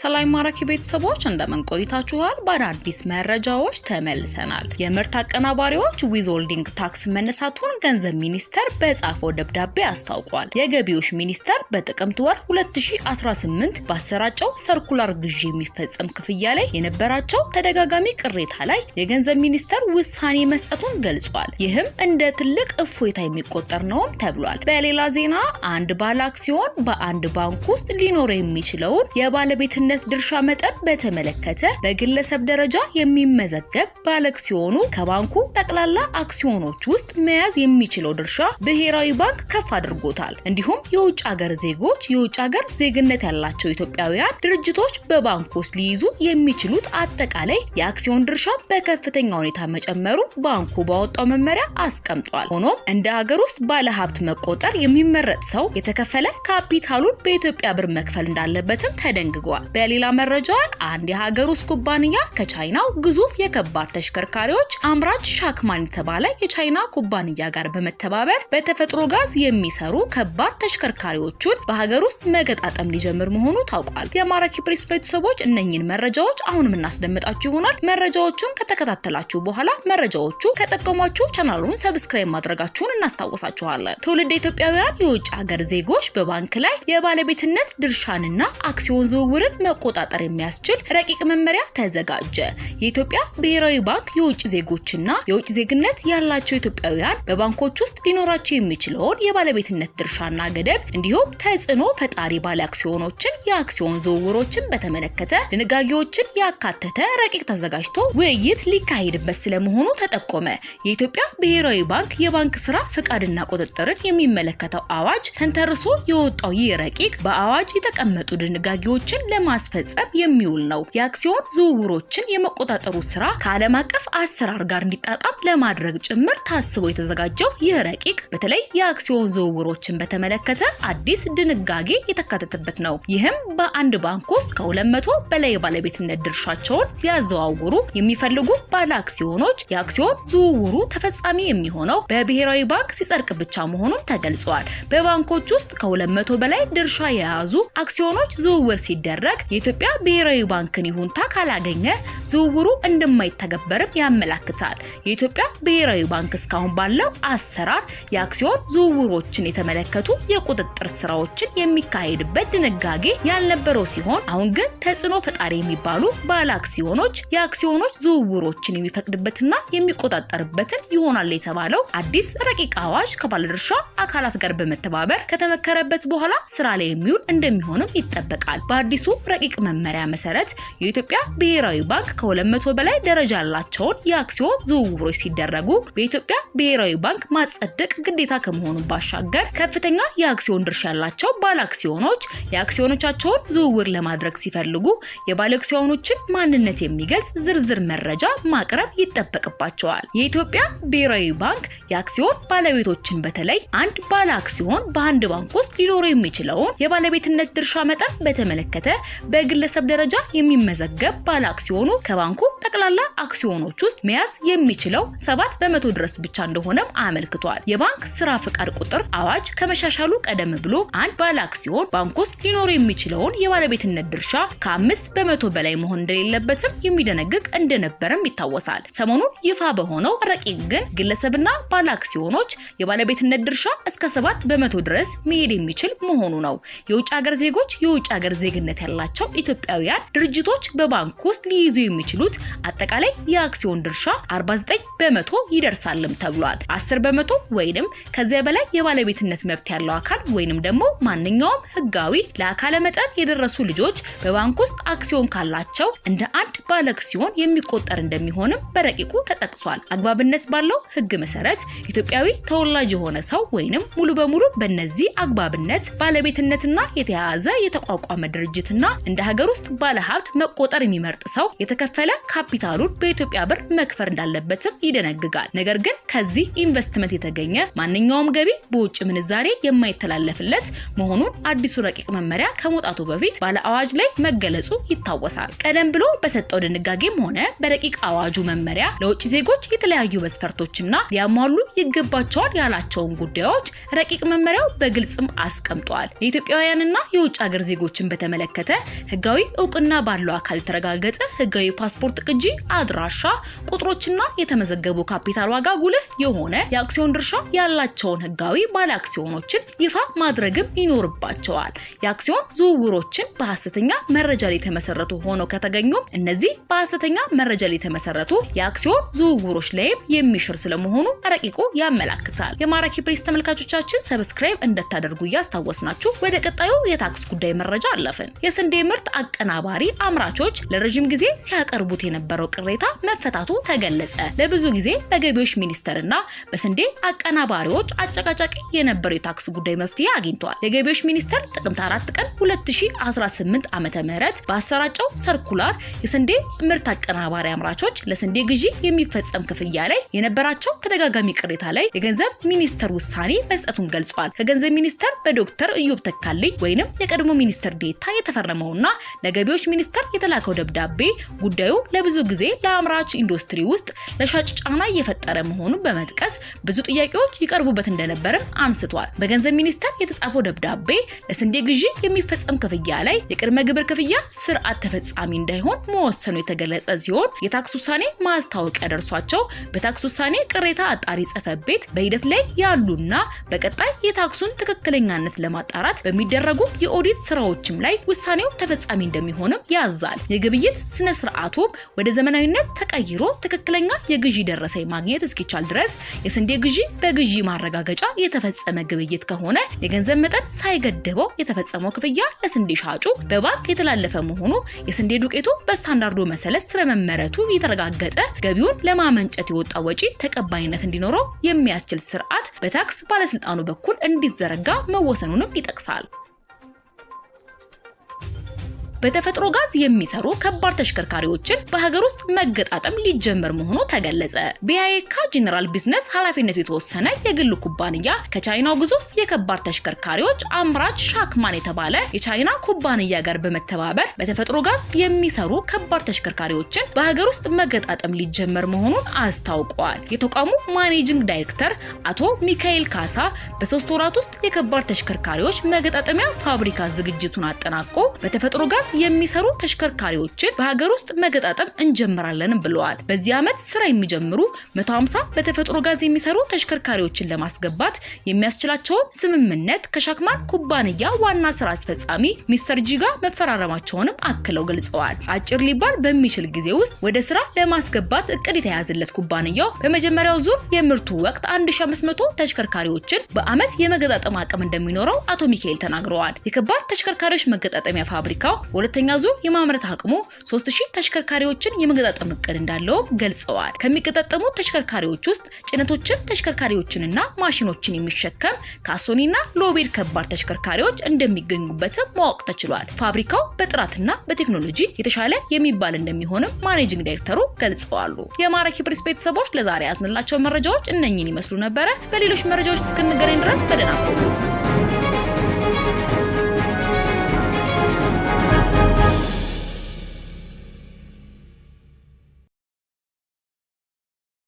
ሰላም ማራኪ ቤተሰቦች እንደምን ቆይታችኋል? በአዳዲስ መረጃዎች ተመልሰናል። የምርት አቀናባሪዎች ዊዝሆልዲንግ ታክስ መነሳቱን ገንዘብ ሚኒስቴር በጻፈው ደብዳቤ አስታውቋል። የገቢዎች ሚኒስቴር በጥቅምት ወር 2018 ባሰራጨው ሰርኩላር ግዢ የሚፈጸም ክፍያ ላይ የነበራቸው ተደጋጋሚ ቅሬታ ላይ የገንዘብ ሚኒስቴር ውሳኔ መስጠቱን ገልጿል። ይህም እንደ ትልቅ እፎይታ የሚቆጠር ነውም ተብሏል። በሌላ ዜና አንድ ባለ አክሲዮን በአንድ ባንክ ውስጥ ሊኖረው የሚችለውን የባለቤትነት የባለቤትነት ድርሻ መጠን በተመለከተ በግለሰብ ደረጃ የሚመዘገብ ባለግ ከባንኩ ጠቅላላ አክሲዮኖች ውስጥ መያዝ የሚችለው ድርሻ ብሔራዊ ባንክ ከፍ አድርጎታል። እንዲሁም የውጭ ሀገር ዜጎች፣ የውጭ ሀገር ዜግነት ያላቸው ኢትዮጵያውያን ድርጅቶች በባንኩ ውስጥ ሊይዙ የሚችሉት አጠቃላይ የአክሲዮን ድርሻ በከፍተኛ ሁኔታ መጨመሩ ባንኩ ባወጣው መመሪያ አስቀምጧል። ሆኖም እንደ ሀገር ውስጥ ባለሀብት መቆጠር የሚመረጥ ሰው የተከፈለ ካፒታሉን በኢትዮጵያ ብር መክፈል እንዳለበትም ተደንግጓል። በሌላ መረጃ አንድ የሀገር ውስጥ ኩባንያ ከቻይናው ግዙፍ የከባድ ተሽከርካሪዎች አምራች ሻክማን የተባለ የቻይና ኩባንያ ጋር በመተባበር በተፈጥሮ ጋዝ የሚሰሩ ከባድ ተሽከርካሪዎቹን በሀገር ውስጥ መገጣጠም ሊጀምር መሆኑ ታውቋል። የአማራኪ ፕሬስ ቤተሰቦች እነኝን መረጃዎች አሁንም እናስደምጣችሁ ይሆናል። መረጃዎቹን ከተከታተላችሁ በኋላ መረጃዎቹ ከጠቀሟችሁ ቻናሉን ሰብስክራይብ ማድረጋችሁን እናስታወሳችኋለን። ትውልድ ኢትዮጵያውያን የውጭ ሀገር ዜጎች በባንክ ላይ የባለቤትነት ድርሻንና አክሲዮን ዝውውርን መቆጣጠር የሚያስችል ረቂቅ መመሪያ ተዘጋጀ። የኢትዮጵያ ብሔራዊ ባንክ የውጭ ዜጎችና የውጭ ዜግነት ያላቸው ኢትዮጵያውያን በባንኮች ውስጥ ሊኖራቸው የሚችለውን የባለቤትነት ድርሻና ገደብ እንዲሁም ተጽዕኖ ፈጣሪ ባለ አክሲዮኖችን የአክሲዮን ዝውውሮችን በተመለከተ ድንጋጌዎችን ያካተተ ረቂቅ ተዘጋጅቶ ውይይት ሊካሄድበት ስለመሆኑ ተጠቆመ። የኢትዮጵያ ብሔራዊ ባንክ የባንክ ስራ ፍቃድና ቁጥጥርን የሚመለከተው አዋጅ ተንተርሶ የወጣው ይህ ረቂቅ በአዋጅ የተቀመጡ ድንጋጌዎችን ለማ ለማስፈጸም የሚውል ነው። የአክሲዮን ዝውውሮችን የመቆጣጠሩ ስራ ከዓለም አቀፍ አሰራር ጋር እንዲጣጣም ለማድረግ ጭምር ታስቦ የተዘጋጀው ይህ ረቂቅ በተለይ የአክሲዮን ዝውውሮችን በተመለከተ አዲስ ድንጋጌ የተካተተበት ነው። ይህም በአንድ ባንክ ውስጥ ከ200 በላይ የባለቤትነት ድርሻቸውን ሲያዘዋውሩ የሚፈልጉ ባለ አክሲዮኖች የአክሲዮን ዝውውሩ ተፈጻሚ የሚሆነው በብሔራዊ ባንክ ሲጸድቅ ብቻ መሆኑን ተገልጿል። በባንኮች ውስጥ ከ200 በላይ ድርሻ የያዙ አክሲዮኖች ዝውውር ሲደረግ ወቅት የኢትዮጵያ ብሔራዊ ባንክን ይሁንታ ካላገኘ ዝውውሩ እንደማይተገበርም ያመላክታል። የኢትዮጵያ ብሔራዊ ባንክ እስካሁን ባለው አሰራር የአክሲዮን ዝውውሮችን የተመለከቱ የቁጥጥር ስራዎችን የሚካሄድበት ድንጋጌ ያልነበረው ሲሆን አሁን ግን ተጽዕኖ ፈጣሪ የሚባሉ ባለ አክሲዮኖች የአክሲዮኖች ዝውውሮችን የሚፈቅድበትና የሚቆጣጠርበትን ይሆናል የተባለው አዲስ ረቂቅ አዋጅ ከባለድርሻ አካላት ጋር በመተባበር ከተመከረበት በኋላ ስራ ላይ የሚውል እንደሚሆንም ይጠበቃል። በአዲሱ ረቂቅ መመሪያ መሰረት የኢትዮጵያ ብሔራዊ ባንክ ከ200 በላይ ደረጃ ያላቸውን የአክሲዮን ዝውውሮች ሲደረጉ በኢትዮጵያ ብሔራዊ ባንክ ማጸደቅ ግዴታ ከመሆኑ ባሻገር ከፍተኛ የአክሲዮን ድርሻ ያላቸው ባለ አክሲዮኖች የአክሲዮኖቻቸውን ዝውውር ለማድረግ ሲፈልጉ አክሲዮኖችን ማንነት የሚገልጽ ዝርዝር መረጃ ማቅረብ ይጠበቅባቸዋል። የኢትዮጵያ ብሔራዊ ባንክ የአክሲዮን ባለቤቶችን በተለይ አንድ ባለ አክሲዮን በአንድ ባንክ ውስጥ ሊኖረው የሚችለውን የባለቤትነት ድርሻ መጠን በተመለከተ በግለሰብ ደረጃ የሚመዘገብ ባለ አክሲዮኑ ከባንኩ ጠቅላላ አክሲዮኖች ውስጥ መያዝ የሚችለው ሰባት በመቶ ድረስ ብቻ እንደሆነም አመልክቷል። የባንክ ስራ ፍቃድ ቁጥር አዋጅ ከመሻሻሉ ቀደም ብሎ አንድ ባለ አክሲዮን ባንክ ውስጥ ሊኖር የሚችለውን የባለቤትነት ድርሻ ከአምስት በመቶ በላይ መሆን እንደሌለበትም የሚደነግግ እንደነበረም ይታወሳል። ሰሞኑን ይፋ በሆነው ረቂቅ ግን ግለሰብና ባለ አክሲዮኖች የባለቤትነት ድርሻ እስከ ሰባት በመቶ ድረስ መሄድ የሚችል መሆኑ ነው። የውጭ ሀገር ዜጎች የውጭ ሀገር ዜግነት ያላቸው ያላቸው ኢትዮጵያውያን ድርጅቶች በባንክ ውስጥ ሊይዙ የሚችሉት አጠቃላይ የአክሲዮን ድርሻ 49 በመቶ ይደርሳልም ተብሏል። 10 በመቶ ወይንም ከዚያ በላይ የባለቤትነት መብት ያለው አካል ወይንም ደግሞ ማንኛውም ህጋዊ ለአካለ መጠን የደረሱ ልጆች በባንክ ውስጥ አክሲዮን ካላቸው እንደ አንድ ባለአክሲዮን የሚቆጠር እንደሚሆንም በረቂቁ ተጠቅሷል። አግባብነት ባለው ህግ መሰረት ኢትዮጵያዊ ተወላጅ የሆነ ሰው ወይንም ሙሉ በሙሉ በነዚህ አግባብነት ባለቤትነትና የተያያዘ የተቋቋመ ድርጅትና እንደ ሀገር ውስጥ ባለሀብት መቆጠር የሚመርጥ ሰው የተከፈለ ካፒታሉን በኢትዮጵያ ብር መክፈር እንዳለበትም ይደነግጋል። ነገር ግን ከዚህ ኢንቨስትመንት የተገኘ ማንኛውም ገቢ በውጭ ምንዛሬ የማይተላለፍለት መሆኑን አዲሱ ረቂቅ መመሪያ ከመውጣቱ በፊት ባለ አዋጅ ላይ መገለጹ ይታወሳል። ቀደም ብሎ በሰጠው ድንጋጌም ሆነ በረቂቅ አዋጁ መመሪያ ለውጭ ዜጎች የተለያዩ መስፈርቶችና ሊያሟሉ ይገባቸዋል ያላቸውን ጉዳዮች ረቂቅ መመሪያው በግልጽም አስቀምጧል። የኢትዮጵያውያንና የውጭ ሀገር ዜጎችን በተመለከተ ህጋዊ እውቅና ባለው አካል የተረጋገጠ ህጋዊ ፓስፖርት ቅጂ፣ አድራሻ፣ ቁጥሮችና የተመዘገቡ ካፒታል ዋጋ ጉልህ የሆነ የአክሲዮን ድርሻ ያላቸውን ህጋዊ ባለ አክሲዮኖችን ይፋ ማድረግም ይኖርባቸዋል። የአክሲዮን ዝውውሮችን በሐሰተኛ መረጃ ላይ የተመሰረቱ ሆነው ከተገኙም እነዚህ በሐሰተኛ መረጃ ላይ የተመሰረቱ የአክሲዮን ዝውውሮች ላይም የሚሽር ስለመሆኑ ረቂቁ ያመላክታል። የማራኪ ፕሬስ ተመልካቾቻችን ሰብስክራይብ እንደታደርጉ እያስታወስናችሁ ወደ ቀጣዩ የታክስ ጉዳይ መረጃ አለፍን። የስንዴ ምርት አቀናባሪ አምራቾች ለረዥም ጊዜ ሲያቀርቡት የነበረው ቅሬታ መፈታቱ ተገለጸ። ለብዙ ጊዜ በገቢዎች እና በስንዴ አቀናባሪዎች አጨቃጫቂ የነበረው የታክስ ጉዳይ መፍትሄ አግኝቷል። የገቢዎች ሚኒስቴር ጥቅምት 4 ቀን 2018 ዓ. ዓ.ም በአሰራጨው ሰርኩላር የስንዴ ምርት አቀናባሪ አምራቾች ለስንዴ ግዢ የሚፈጸም ክፍያ ላይ የነበራቸው ተደጋጋሚ ቅሬታ ላይ የገንዘብ ሚኒስቴር ውሳኔ መስጠቱን ገልጿል። ከገንዘብ ሚኒስቴር በዶክተር እዮብ ተካልኝ ወይንም የቀድሞ ሚኒስትር ዴታ የተፈረመ የተፈረመውና ለገቢዎች ሚኒስቴር የተላከው ደብዳቤ ጉዳዩ ለብዙ ጊዜ ለአምራች ኢንዱስትሪ ውስጥ ለሻጭ ጫና እየፈጠረ መሆኑን በመጥቀስ ብዙ ጥያቄዎች ይቀርቡበት እንደነበርም አንስቷል። በገንዘብ ሚኒስቴር የተጻፈው ደብዳቤ ለስንዴ ግዢ የሚፈጸም ክፍያ ላይ የቅድመ ግብር ክፍያ ስርዓት ተፈጻሚ እንዳይሆን መወሰኑ የተገለጸ ሲሆን የታክስ ውሳኔ ማስታወቂያ ደርሷቸው በታክስ ውሳኔ ቅሬታ አጣሪ ጽሕፈት ቤት በሂደት ላይ ያሉና በቀጣይ የታክሱን ትክክለኛነት ለማጣራት በሚደረጉ የኦዲት ስራዎችም ላይ ውሳኔው ውሳኔው ተፈጻሚ እንደሚሆንም ያዛል። የግብይት ስነ ስርዓቱ ወደ ዘመናዊነት ተቀይሮ ትክክለኛ የግዢ ደረሰኝ ማግኘት እስኪቻል ድረስ የስንዴ ግዢ በግዢ ማረጋገጫ የተፈጸመ ግብይት ከሆነ የገንዘብ መጠን ሳይገድበው የተፈጸመው ክፍያ ለስንዴ ሻጩ በባንክ የተላለፈ መሆኑ የስንዴ ዱቄቱ በስታንዳርዱ መሰለት ስለመመረቱ የተረጋገጠ ገቢውን ለማመንጨት የወጣ ወጪ ተቀባይነት እንዲኖረው የሚያስችል ስርዓት በታክስ ባለስልጣኑ በኩል እንዲዘረጋ መወሰኑንም ይጠቅሳል። በተፈጥሮ ጋዝ የሚሰሩ ከባድ ተሽከርካሪዎችን በሀገር ውስጥ መገጣጠም ሊጀመር መሆኑ ተገለጸ። ቢያይካ ጄኔራል ቢዝነስ ኃላፊነቱ የተወሰነ የግል ኩባንያ ከቻይናው ግዙፍ የከባድ ተሽከርካሪዎች አምራች ሻክማን የተባለ የቻይና ኩባንያ ጋር በመተባበር በተፈጥሮ ጋዝ የሚሰሩ ከባድ ተሽከርካሪዎችን በሀገር ውስጥ መገጣጠም ሊጀመር መሆኑን አስታውቋል። የተቋሙ ማኔጂንግ ዳይሬክተር አቶ ሚካኤል ካሳ በሶስት ወራት ውስጥ የከባድ ተሽከርካሪዎች መገጣጠሚያ ፋብሪካ ዝግጅቱን አጠናቆ በተፈጥሮ ጋዝ የሚሰሩ ተሽከርካሪዎችን በሀገር ውስጥ መገጣጠም እንጀምራለን ብለዋል። በዚህ ዓመት ስራ የሚጀምሩ 150 በተፈጥሮ ጋዝ የሚሰሩ ተሽከርካሪዎችን ለማስገባት የሚያስችላቸውን ስምምነት ከሻክማን ኩባንያ ዋና ስራ አስፈጻሚ ሚስተር ጂጋ መፈራረማቸውንም አክለው ገልጸዋል። አጭር ሊባል በሚችል ጊዜ ውስጥ ወደ ስራ ለማስገባት እቅድ የተያዘለት ኩባንያው በመጀመሪያው ዙር የምርቱ ወቅት 1500 ተሽከርካሪዎችን በአመት የመገጣጠም አቅም እንደሚኖረው አቶ ሚካኤል ተናግረዋል። የከባድ ተሽከርካሪዎች መገጣጠሚያ ፋብሪካው በሁለተኛ ዙር የማምረት አቅሙ 3000 ተሽከርካሪዎችን የመገጣጠም እቅድ እንዳለውም ገልጸዋል። ከሚገጣጠሙ ተሽከርካሪዎች ውስጥ ጭነቶችን፣ ተሽከርካሪዎችንና ማሽኖችን የሚሸከም ካሶኒና ሎቤል ከባድ ተሽከርካሪዎች እንደሚገኙበትም ማወቅ ተችሏል። ፋብሪካው በጥራትና በቴክኖሎጂ የተሻለ የሚባል እንደሚሆንም ማኔጂንግ ዳይሬክተሩ ገልጸዋሉ። የማራኪ ፕሬስ ቤተሰቦች ለዛሬ ያዝንላቸው መረጃዎች እነኚህን ይመስሉ ነበረ። በሌሎች መረጃዎች እስክንገናኝ ድረስ በደህና ቆዩ።